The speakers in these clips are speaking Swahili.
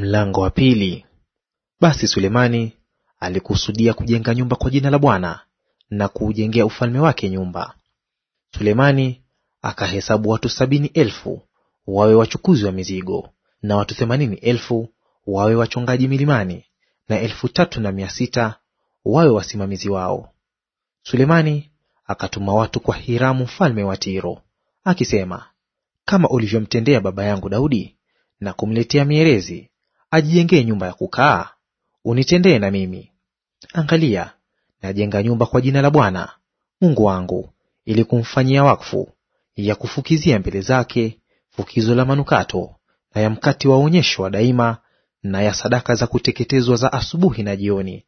Mlango wa pili. Basi Sulemani alikusudia kujenga nyumba kwa jina la Bwana na kuujengea ufalme wake nyumba. Sulemani akahesabu watu sabini elfu wawe wachukuzi wa mizigo na watu themanini elfu wawe wachongaji milimani na elfu tatu na mia sita wawe wasimamizi wao. Sulemani akatuma watu kwa Hiramu mfalme wa Tiro akisema, kama ulivyomtendea baba yangu Daudi na kumletea mierezi ajijengee nyumba ya kukaa, unitendee na mimi. Angalia, najenga nyumba kwa jina la Bwana Mungu wangu, ili kumfanyia wakfu, ya kufukizia mbele zake fukizo la manukato na ya mkati wa onyesho wa daima na ya sadaka za kuteketezwa za asubuhi na jioni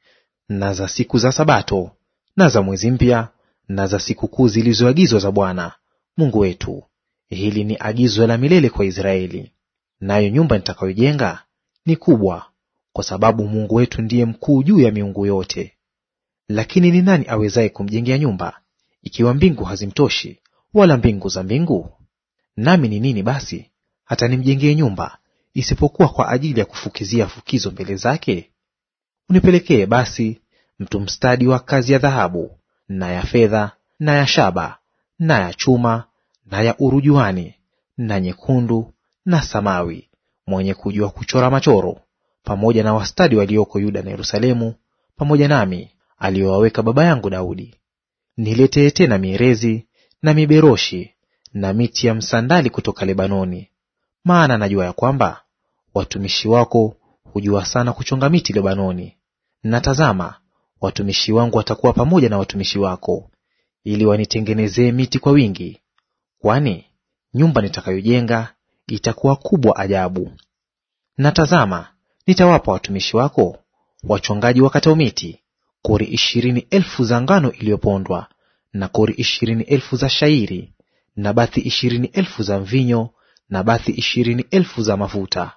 na za siku za Sabato na za mwezi mpya na za sikukuu zilizoagizwa za Bwana Mungu wetu. Hili ni agizo la milele kwa Israeli. Nayo nyumba nitakayojenga ni kubwa, kwa sababu Mungu wetu ndiye mkuu juu ya miungu yote. Lakini ni nani awezaye kumjengea nyumba, ikiwa mbingu hazimtoshi, wala mbingu za mbingu? Nami ni nini basi hata nimjengee nyumba, isipokuwa kwa ajili ya kufukizia fukizo mbele zake? Unipelekee basi mtu mstadi wa kazi ya dhahabu na ya fedha na ya shaba na ya chuma na ya urujuani na nyekundu na samawi mwenye kujua kuchora machoro, pamoja na wastadi walioko Yuda na Yerusalemu, pamoja nami, aliyowaweka baba yangu Daudi. Niletee tena mierezi na miberoshi na miti ya msandali kutoka Lebanoni, maana najua ya kwamba watumishi wako hujua sana kuchonga miti Lebanoni. Na tazama, watumishi wangu watakuwa pamoja na watumishi wako, ili wanitengenezee miti kwa wingi, kwani nyumba nitakayojenga itakuwa kubwa ajabu. Na tazama, nitawapa watumishi wako wachongaji wakatao miti kori ishirini elfu za ngano iliyopondwa na kori ishirini elfu za shairi na bathi ishirini elfu za mvinyo na bathi ishirini elfu za mafuta.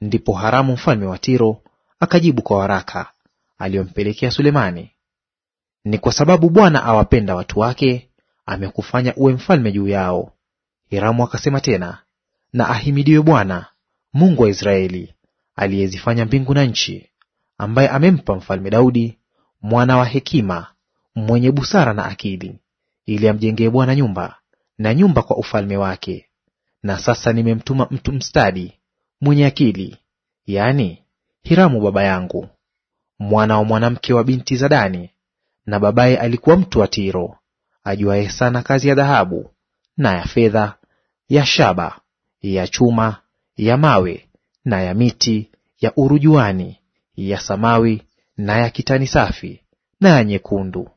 Ndipo Haramu mfalme wa Tiro akajibu kwa waraka aliyompelekea Sulemani, ni kwa sababu Bwana awapenda watu wake, amekufanya uwe mfalme juu yao. Hiramu akasema tena, na ahimidiwe Bwana Mungu wa Israeli, aliyezifanya mbingu na nchi, ambaye amempa mfalme Daudi mwana wa hekima, mwenye busara na akili, ili amjengee Bwana nyumba, na nyumba kwa ufalme wake. Na sasa nimemtuma mtu mstadi mwenye akili, yaani Hiramu baba yangu, mwana wa mwanamke wa binti za Dani, na babaye alikuwa mtu wa Tiro, ajuaye sana kazi ya dhahabu na ya fedha, ya shaba ya chuma, ya mawe na ya miti ya urujuani, ya samawi na ya kitani safi na ya nyekundu.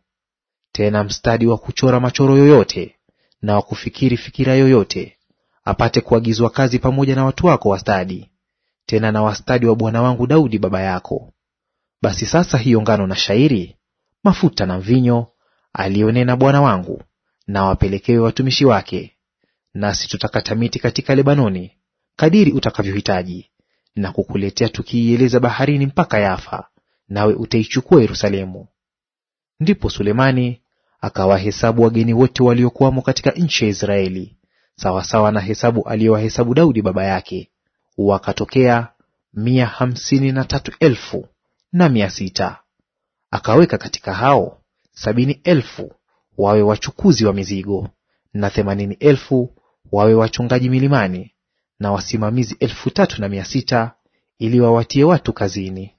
Tena mstadi wa kuchora machoro yoyote na wa kufikiri fikira yoyote, apate kuagizwa kazi pamoja na watu wako wastadi, tena na wastadi wa bwana wangu Daudi baba yako. Basi sasa hiyo ngano na shairi, mafuta na mvinyo aliyonena bwana wangu, na wapelekewe watumishi wake Nasi tutakata miti katika Lebanoni kadiri utakavyohitaji, na kukuletea tukiieleza baharini mpaka Yafa, nawe utaichukua Yerusalemu. Ndipo Sulemani akawahesabu wageni wote waliokuwamo katika nchi ya Israeli sawasawa na hesabu aliyowahesabu Daudi baba yake, wakatokea mia hamsini na tatu elfu na mia sita. Akaweka katika hao sabini elfu wawe wachukuzi wa mizigo na themanini elfu wawe wachungaji milimani na wasimamizi elfu tatu na mia sita ili wawatie watu kazini.